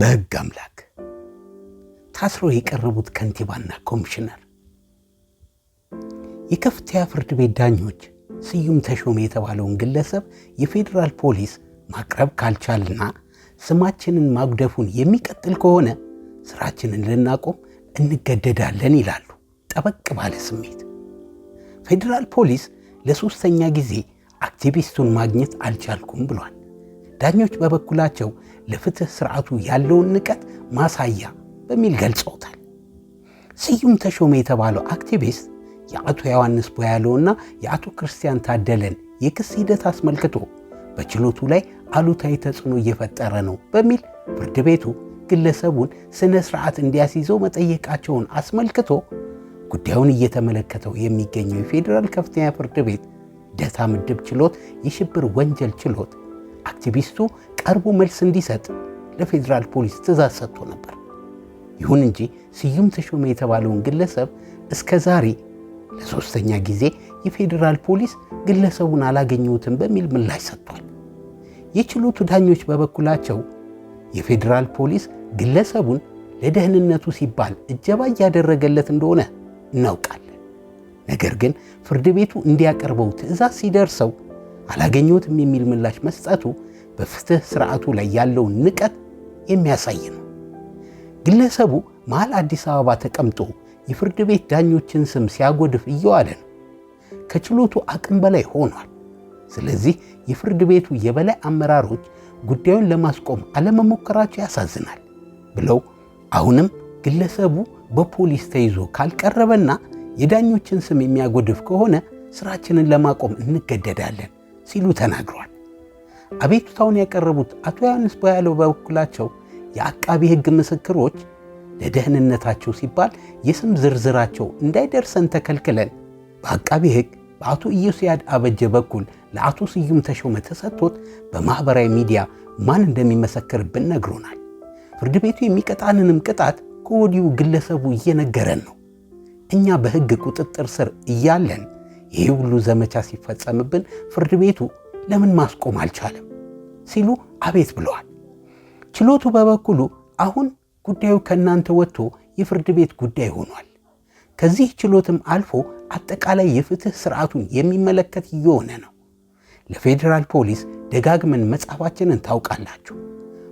በሕግ አምላክ ታስሮ የቀረቡት ከንቲባና ኮሚሽነር የከፍተኛ ፍርድ ቤት ዳኞች ስዩም ተሾመ የተባለውን ግለሰብ የፌዴራል ፖሊስ ማቅረብ ካልቻልና ስማችንን ማጉደፉን የሚቀጥል ከሆነ ስራችንን ልናቆም እንገደዳለን ይላሉ ጠበቅ ባለ ስሜት። ፌዴራል ፖሊስ ለሶስተኛ ጊዜ አክቲቪስቱን ማግኘት አልቻልኩም ብሏል። ዳኞች በበኩላቸው ለፍትህ ስርዓቱ ያለውን ንቀት ማሳያ በሚል ገልጸውታል። ስዩም ተሾመ የተባለው አክቲቪስት የአቶ ዮሐንስ ቦያለውና የአቶ ክርስቲያን ታደለን የክስ ሂደት አስመልክቶ በችሎቱ ላይ አሉታዊ ተጽዕኖ እየፈጠረ ነው በሚል ፍርድ ቤቱ ግለሰቡን ስነ ስርዓት እንዲያስይዘው መጠየቃቸውን አስመልክቶ ጉዳዩን እየተመለከተው የሚገኘው የፌዴራል ከፍተኛ ፍርድ ቤት ደታ ምድብ ችሎት የሽብር ወንጀል ችሎት አክቲቪስቱ ቀርቦ መልስ እንዲሰጥ ለፌዴራል ፖሊስ ትዕዛዝ ሰጥቶ ነበር። ይሁን እንጂ ስዩም ተሾመ የተባለውን ግለሰብ እስከ ዛሬ ለሶስተኛ ጊዜ የፌዴራል ፖሊስ ግለሰቡን አላገኘሁትም በሚል ምላሽ ሰጥቷል። የችሎቱ ዳኞች በበኩላቸው የፌዴራል ፖሊስ ግለሰቡን ለደህንነቱ ሲባል እጀባ እያደረገለት እንደሆነ እናውቃለን። ነገር ግን ፍርድ ቤቱ እንዲያቀርበው ትዕዛዝ ሲደርሰው አላገኘሁትም የሚል ምላሽ መስጠቱ በፍትህ ስርዓቱ ላይ ያለውን ንቀት የሚያሳይ ነው። ግለሰቡ መሃል አዲስ አበባ ተቀምጦ የፍርድ ቤት ዳኞችን ስም ሲያጎድፍ እየዋለ ነው። ከችሎቱ አቅም በላይ ሆኗል። ስለዚህ የፍርድ ቤቱ የበላይ አመራሮች ጉዳዩን ለማስቆም አለመሞከራቸው ያሳዝናል ብለው አሁንም ግለሰቡ በፖሊስ ተይዞ ካልቀረበና የዳኞችን ስም የሚያጎድፍ ከሆነ ስራችንን ለማቆም እንገደዳለን ሲሉ ተናግሯል። አቤቱታውን ያቀረቡት አቶ ዮሐንስ ቦያለው በበኩላቸው የአቃቢ ሕግ ምስክሮች ለደህንነታቸው ሲባል የስም ዝርዝራቸው እንዳይደርሰን ተከልክለን በአቃቢ ሕግ በአቶ ኢዮስያድ አበጀ በኩል ለአቶ ስዩም ተሾመ ተሰጥቶት በማኅበራዊ ሚዲያ ማን እንደሚመሰክርብን ነግሮናል። ፍርድ ቤቱ የሚቀጣንንም ቅጣት ከወዲሁ ግለሰቡ እየነገረን ነው። እኛ በሕግ ቁጥጥር ስር እያለን ይህ ሁሉ ዘመቻ ሲፈጸምብን ፍርድ ቤቱ ለምን ማስቆም አልቻለም ሲሉ አቤት ብለዋል። ችሎቱ በበኩሉ አሁን ጉዳዩ ከእናንተ ወጥቶ የፍርድ ቤት ጉዳይ ሆኗል። ከዚህ ችሎትም አልፎ አጠቃላይ የፍትህ ስርዓቱን የሚመለከት እየሆነ ነው። ለፌዴራል ፖሊስ ደጋግመን መጻፋችንን ታውቃላችሁ።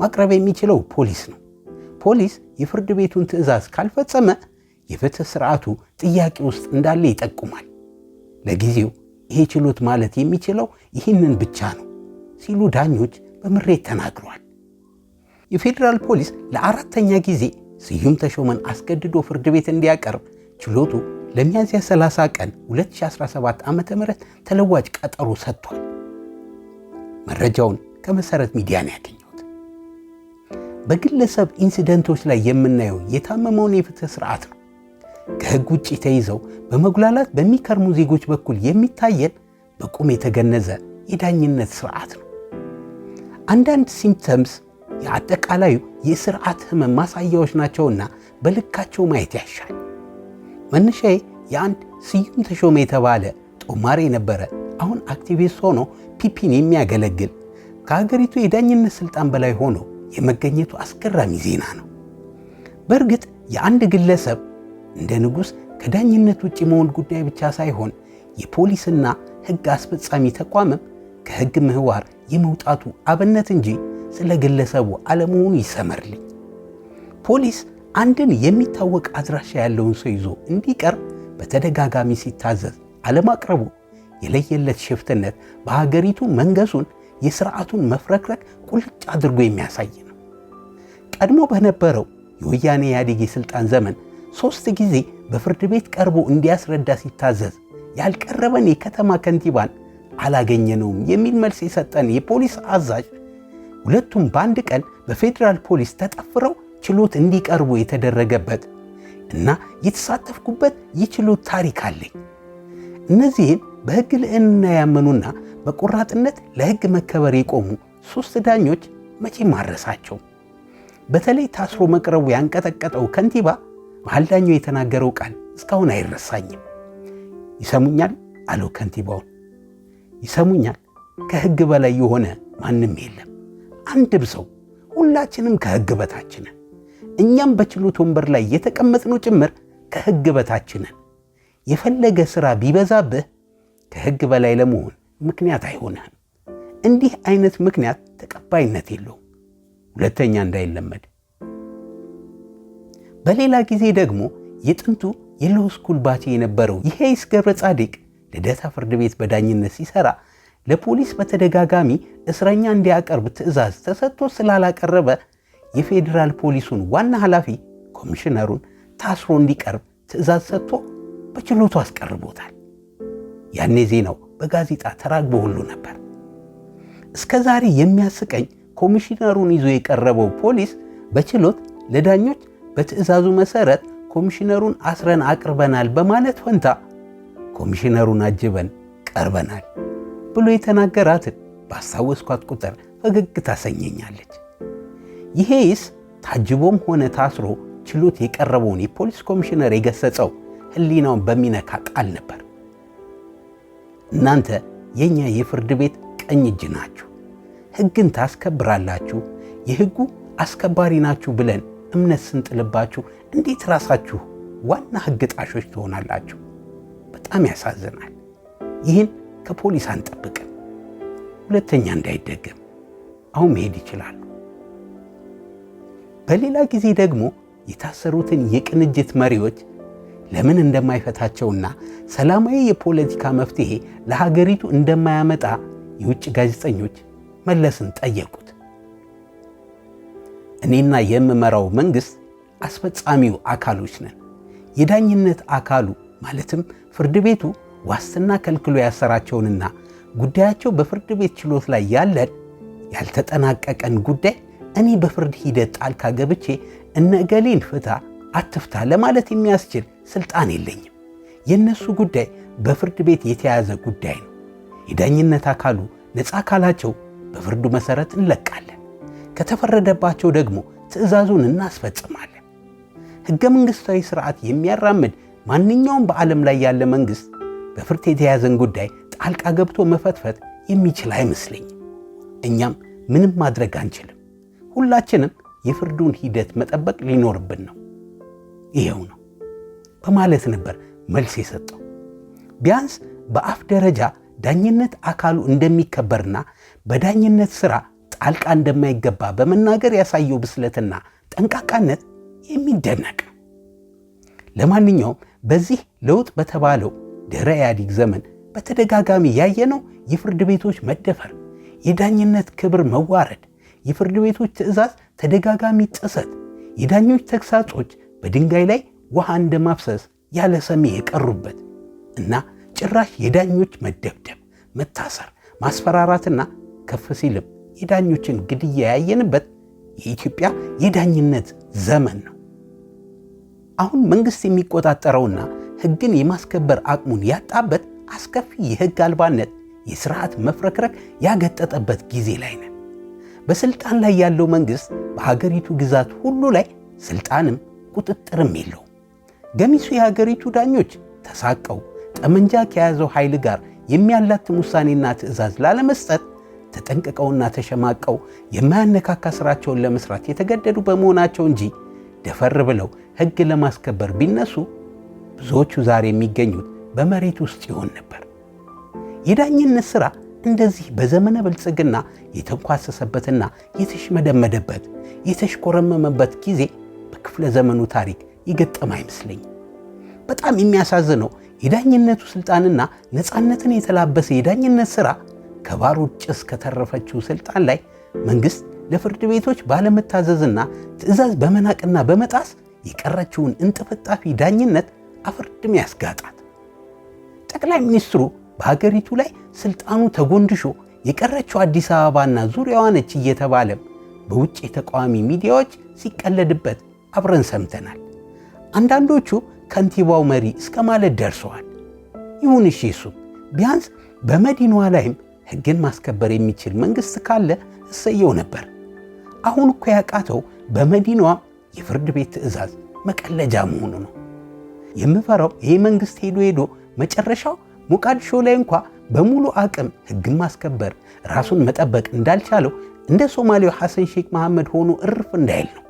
ማቅረብ የሚችለው ፖሊስ ነው። ፖሊስ የፍርድ ቤቱን ትዕዛዝ ካልፈጸመ የፍትህ ስርዓቱ ጥያቄ ውስጥ እንዳለ ይጠቁማል። ለጊዜው ይሄ ችሎት ማለት የሚችለው ይህንን ብቻ ነው ሲሉ ዳኞች በምሬት ተናግረዋል። የፌዴራል ፖሊስ ለአራተኛ ጊዜ ስዩም ተሾመን አስገድዶ ፍርድ ቤት እንዲያቀርብ ችሎቱ ለሚያዝያ 30 ቀን 2017 ዓ ም ተለዋጭ ቀጠሮ ሰጥቷል። መረጃውን ከመሰረት ሚዲያ ነው ያገኘሁት። በግለሰብ ኢንሲደንቶች ላይ የምናየው የታመመውን የፍትህ ስርዓት ነው። ከሕግ ውጭ ተይዘው በመጉላላት በሚከርሙ ዜጎች በኩል የሚታየን በቁም የተገነዘ የዳኝነት ስርዓት ነው። አንዳንድ ሲምፕተምስ የአጠቃላዩ የስርዓት ህመም ማሳያዎች ናቸውና በልካቸው ማየት ያሻል። መነሻዬ የአንድ ስዩም ተሾመ የተባለ ጦማሪ የነበረ አሁን አክቲቪስት ሆኖ ፒፒን የሚያገለግል ከሀገሪቱ የዳኝነት ስልጣን በላይ ሆኖ የመገኘቱ አስገራሚ ዜና ነው። በእርግጥ የአንድ ግለሰብ እንደ ንጉሥ ከዳኝነት ውጭ መሆን ጉዳይ ብቻ ሳይሆን የፖሊስና ሕግ አስፈጻሚ ተቋምም ከሕግ ምህዋር የመውጣቱ አብነት እንጂ ስለ ግለሰቡ አለመሆኑ ይሰመርልኝ። ፖሊስ አንድን የሚታወቅ አድራሻ ያለውን ሰው ይዞ እንዲቀርብ በተደጋጋሚ ሲታዘዝ አለማቅረቡ የለየለት ሽፍትነት በሀገሪቱ መንገሱን የስርዓቱን መፍረክረክ ቁልጭ አድርጎ የሚያሳይ ነው። ቀድሞ በነበረው የወያኔ ኢህአዴግ የሥልጣን ዘመን ሶስት ጊዜ በፍርድ ቤት ቀርቦ እንዲያስረዳ ሲታዘዝ ያልቀረበን የከተማ ከንቲባን አላገኘነውም የሚል መልስ የሰጠን የፖሊስ አዛዥ ሁለቱም በአንድ ቀን በፌዴራል ፖሊስ ተጠፍረው ችሎት እንዲቀርቡ የተደረገበት እና የተሳተፍኩበት የችሎት ታሪክ አለኝ። እነዚህን በሕግ ልዕልና ያመኑና በቆራጥነት ለሕግ መከበር የቆሙ ሦስት ዳኞች መቼ ማረሳቸው በተለይ ታስሮ መቅረቡ ያንቀጠቀጠው ከንቲባ መሀል የተናገረው ቃል እስካሁን አይረሳኝም። ይሰሙኛል አለው ከንቲባውን። ይሰሙኛል ከህግ በላይ የሆነ ማንም የለም፣ አንድም ሰው። ሁላችንም ከህግ በታችነን። እኛም በችሎት ወንበር ላይ የተቀመጥነው ጭምር ከህግ በታችነን። የፈለገ ሥራ ቢበዛብህ ከህግ በላይ ለመሆን ምክንያት አይሆንህም። እንዲህ አይነት ምክንያት ተቀባይነት የለውም። ሁለተኛ እንዳይለመድ በሌላ ጊዜ ደግሞ የጥንቱ የሎው ስኩል ባቲ የነበረው የሄይስ ገብረ ጻዲቅ ልደታ ፍርድ ቤት በዳኝነት ሲሰራ ለፖሊስ በተደጋጋሚ እስረኛ እንዲያቀርብ ትዕዛዝ ተሰጥቶ ስላላቀረበ የፌዴራል ፖሊሱን ዋና ኃላፊ ኮሚሽነሩን ታስሮ እንዲቀርብ ትዕዛዝ ሰጥቶ በችሎቱ አስቀርቦታል። ያኔ ዜናው በጋዜጣ ተራግቦ ሁሉ ነበር። እስከ ዛሬ የሚያስቀኝ ኮሚሽነሩን ይዞ የቀረበው ፖሊስ በችሎት ለዳኞች በትዕዛዙ መሰረት ኮሚሽነሩን አስረን አቅርበናል በማለት ፈንታ ኮሚሽነሩን አጅበን ቀርበናል ብሎ የተናገራትን ባስታወስኳት ቁጥር ፈገግ ታሰኘኛለች። ይሄስ ታጅቦም ሆነ ታስሮ ችሎት የቀረበውን የፖሊስ ኮሚሽነር የገሰጸው ሕሊናውን በሚነካ ቃል ነበር። እናንተ የእኛ የፍርድ ቤት ቀኝ እጅ ናችሁ፣ ሕግን ታስከብራላችሁ፣ የሕጉ አስከባሪ ናችሁ ብለን እምነት ስንጥልባችሁ እንዴት ራሳችሁ ዋና ሕግ ጣሾች ትሆናላችሁ? በጣም ያሳዝናል። ይህን ከፖሊስ አንጠብቅም። ሁለተኛ እንዳይደገም አሁን መሄድ ይችላሉ። በሌላ ጊዜ ደግሞ የታሰሩትን የቅንጅት መሪዎች ለምን እንደማይፈታቸውና ሰላማዊ የፖለቲካ መፍትሄ ለሀገሪቱ እንደማያመጣ የውጭ ጋዜጠኞች መለስን ጠየቁ። እኔና የምመራው መንግሥት አስፈጻሚው አካሎች ነን። የዳኝነት አካሉ ማለትም ፍርድ ቤቱ ዋስትና ከልክሎ ያሰራቸውንና ጉዳያቸው በፍርድ ቤት ችሎት ላይ ያለን ያልተጠናቀቀን ጉዳይ እኔ በፍርድ ሂደት ጣልቃ ገብቼ እነ እገሌን ፍታ አትፍታ ለማለት የሚያስችል ስልጣን የለኝም። የእነሱ ጉዳይ በፍርድ ቤት የተያዘ ጉዳይ ነው። የዳኝነት አካሉ ነፃ አካላቸው በፍርዱ መሠረት እንለቃለን። ከተፈረደባቸው ደግሞ ትዕዛዙን እናስፈጽማለን። ሕገ መንግሥታዊ ሥርዓት የሚያራምድ ማንኛውም በዓለም ላይ ያለ መንግሥት በፍርድ የተያዘን ጉዳይ ጣልቃ ገብቶ መፈትፈት የሚችል አይመስለኝም። እኛም ምንም ማድረግ አንችልም። ሁላችንም የፍርዱን ሂደት መጠበቅ ሊኖርብን ነው። ይኸው ነው በማለት ነበር መልስ የሰጠው። ቢያንስ በአፍ ደረጃ ዳኝነት አካሉ እንደሚከበርና በዳኝነት ሥራ ጣልቃ እንደማይገባ በመናገር ያሳየው ብስለትና ጠንቃቃነት የሚደነቅ ነው። ለማንኛውም በዚህ ለውጥ በተባለው ደረ ኢህአዴግ ዘመን በተደጋጋሚ ያየነው የፍርድ ቤቶች መደፈር፣ የዳኝነት ክብር መዋረድ፣ የፍርድ ቤቶች ትዕዛዝ ተደጋጋሚ ጥሰት፣ የዳኞች ተግሳጾች በድንጋይ ላይ ውሃ እንደማፍሰስ ያለ ሰሚ የቀሩበት እና ጭራሽ የዳኞች መደብደብ፣ መታሰር፣ ማስፈራራትና ከፍ ሲልም የዳኞችን ግድያ ያየንበት የኢትዮጵያ የዳኝነት ዘመን ነው። አሁን መንግሥት የሚቆጣጠረውና ሕግን የማስከበር አቅሙን ያጣበት አስከፊ የሕግ አልባነት፣ የስርዓት መፍረክረክ ያገጠጠበት ጊዜ ላይ ነን። በስልጣን ላይ ያለው መንግሥት በሀገሪቱ ግዛት ሁሉ ላይ ስልጣንም ቁጥጥርም የለው። ገሚሱ የሀገሪቱ ዳኞች ተሳቀው ጠመንጃ ከያዘው ኃይል ጋር የሚያላትም ውሳኔና ትዕዛዝ ላለመስጠት ተጠንቅቀውና ተሸማቀው የማያነካካ ስራቸውን ለመስራት የተገደዱ በመሆናቸው እንጂ ደፈር ብለው ሕግ ለማስከበር ቢነሱ ብዙዎቹ ዛሬ የሚገኙት በመሬት ውስጥ ይሆን ነበር። የዳኝነት ሥራ እንደዚህ በዘመነ ብልጽግና የተንኳሰሰበትና የተሽመደመደበት የተሽኮረመመበት ጊዜ በክፍለ ዘመኑ ታሪክ ይገጠም አይመስለኝ። በጣም የሚያሳዝነው የዳኝነቱ ሥልጣንና ነፃነትን የተላበሰ የዳኝነት ሥራ ከባሩድ ጭስ ከተረፈችው ስልጣን ላይ መንግሥት ለፍርድ ቤቶች ባለመታዘዝና ትዕዛዝ በመናቅና በመጣስ የቀረችውን እንጥፍጣፊ ዳኝነት አፍርድም ያስጋጣት። ጠቅላይ ሚኒስትሩ በሀገሪቱ ላይ ስልጣኑ ተጎንድሾ የቀረችው አዲስ አበባና ዙሪያዋ ነች እየተባለም በውጭ የተቃዋሚ ሚዲያዎች ሲቀለድበት አብረን ሰምተናል። አንዳንዶቹ ከንቲባው መሪ እስከ ማለት ደርሰዋል። ይሁን እሺ እሱ ቢያንስ በመዲናዋ ላይም ሕግን ማስከበር የሚችል መንግሥት ካለ እሰየው ነበር። አሁን እኮ ያቃተው በመዲናዋ የፍርድ ቤት ትዕዛዝ መቀለጃ መሆኑ ነው። የምፈራው ይህ መንግሥት ሄዶ ሄዶ መጨረሻው ሞቃዲሾ ላይ እንኳ በሙሉ አቅም ሕግን ማስከበር ራሱን መጠበቅ እንዳልቻለው እንደ ሶማሌው ሐሰን ሼክ መሐመድ ሆኖ እርፍ እንዳይል ነው።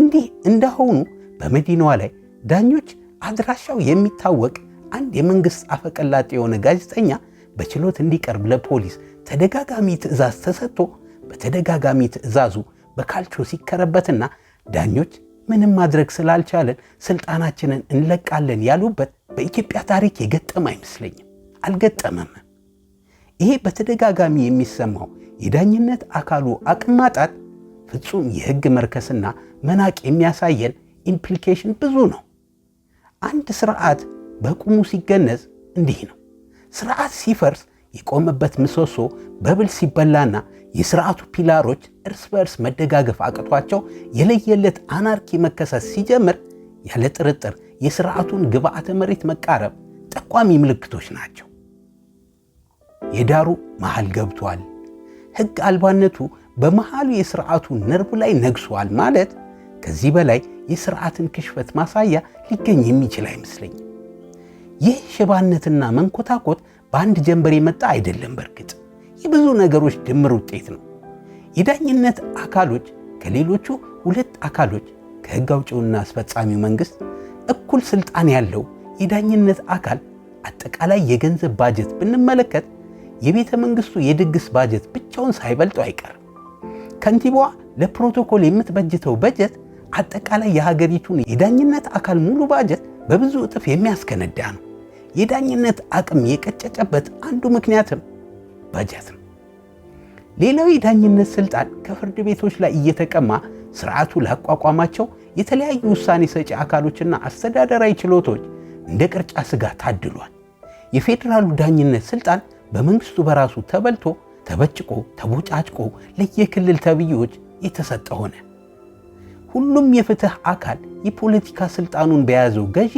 እንዲህ እንዳሆኑ በመዲናዋ ላይ ዳኞች አድራሻው የሚታወቅ አንድ የመንግሥት አፈቀላጤ የሆነ ጋዜጠኛ በችሎት እንዲቀርብ ለፖሊስ ተደጋጋሚ ትዕዛዝ ተሰጥቶ በተደጋጋሚ ትዕዛዙ በካልቾ ሲከረበትና ዳኞች ምንም ማድረግ ስላልቻለን ስልጣናችንን እንለቃለን ያሉበት በኢትዮጵያ ታሪክ የገጠመ አይመስለኝም፣ አልገጠመም። ይሄ በተደጋጋሚ የሚሰማው የዳኝነት አካሉ አቅም ማጣት ፍጹም የሕግ መርከስና መናቅ የሚያሳየን ኢምፕሊኬሽን ብዙ ነው። አንድ ስርዓት በቁሙ ሲገነዝ እንዲህ ነው። ስርዓት ሲፈርስ የቆመበት ምሰሶ በብል ሲበላና የስርዓቱ ፒላሮች እርስ በእርስ መደጋገፍ አቅቷቸው የለየለት አናርኪ መከሰት ሲጀምር ያለ ጥርጥር የስርዓቱን ግብዓተ መሬት መቃረብ ጠቋሚ ምልክቶች ናቸው። የዳሩ መሃል ገብቷል፣ ሕግ አልባነቱ በመሃሉ የስርዓቱ ነርቡ ላይ ነግሷል ማለት ከዚህ በላይ የስርዓትን ክሽፈት ማሳያ ሊገኝ የሚችል አይመስለኝም። ይህ ሽባነትና መንኮታኮት በአንድ ጀንበር የመጣ አይደለም። በእርግጥ የብዙ ነገሮች ድምር ውጤት ነው። የዳኝነት አካሎች ከሌሎቹ ሁለት አካሎች ከሕግ አውጪውና አስፈጻሚው መንግሥት እኩል ስልጣን ያለው የዳኝነት አካል አጠቃላይ የገንዘብ ባጀት ብንመለከት የቤተ መንግሥቱ የድግስ ባጀት ብቻውን ሳይበልጡ አይቀርም። ከንቲባዋ ለፕሮቶኮል የምትበጅተው በጀት አጠቃላይ የሀገሪቱን የዳኝነት አካል ሙሉ ባጀት በብዙ እጥፍ የሚያስከነዳ ነው። የዳኝነት አቅም የቀጨጨበት አንዱ ምክንያትም በጀት ነው። ሌላው የዳኝነት ስልጣን ከፍርድ ቤቶች ላይ እየተቀማ ስርዓቱ ላቋቋማቸው የተለያዩ ውሳኔ ሰጪ አካሎችና አስተዳደራዊ ችሎቶች እንደ ቅርጫ ስጋ ታድሏል። የፌዴራሉ ዳኝነት ስልጣን በመንግስቱ በራሱ ተበልቶ ተበጭቆ ተቦጫጭቆ ለየክልል ተብዬዎች የተሰጠ ሆነ። ሁሉም የፍትህ አካል የፖለቲካ ስልጣኑን በያዘው ገዢ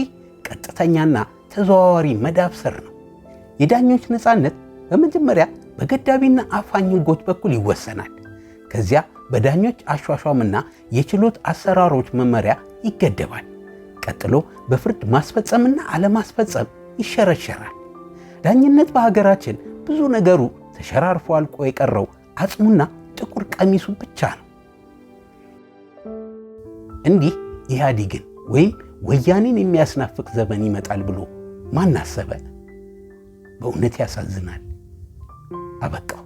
ቀጥተኛና ተዘዋዋሪ መዳብ ስር ነው። የዳኞች ነፃነት በመጀመሪያ በገዳቢና አፋኝ ህጎች በኩል ይወሰናል። ከዚያ በዳኞች አሿሿምና የችሎት አሰራሮች መመሪያ ይገደባል። ቀጥሎ በፍርድ ማስፈጸምና አለማስፈጸም ይሸረሸራል። ዳኝነት በሀገራችን ብዙ ነገሩ ተሸራርፎ አልቆ የቀረው አጽሙና ጥቁር ቀሚሱ ብቻ ነው። እንዲህ ኢህአዲግን ወይም ወያኔን የሚያስናፍቅ ዘመን ይመጣል ብሎ ማን አሰበ? በእውነት ያሳዝናል። አበቃው።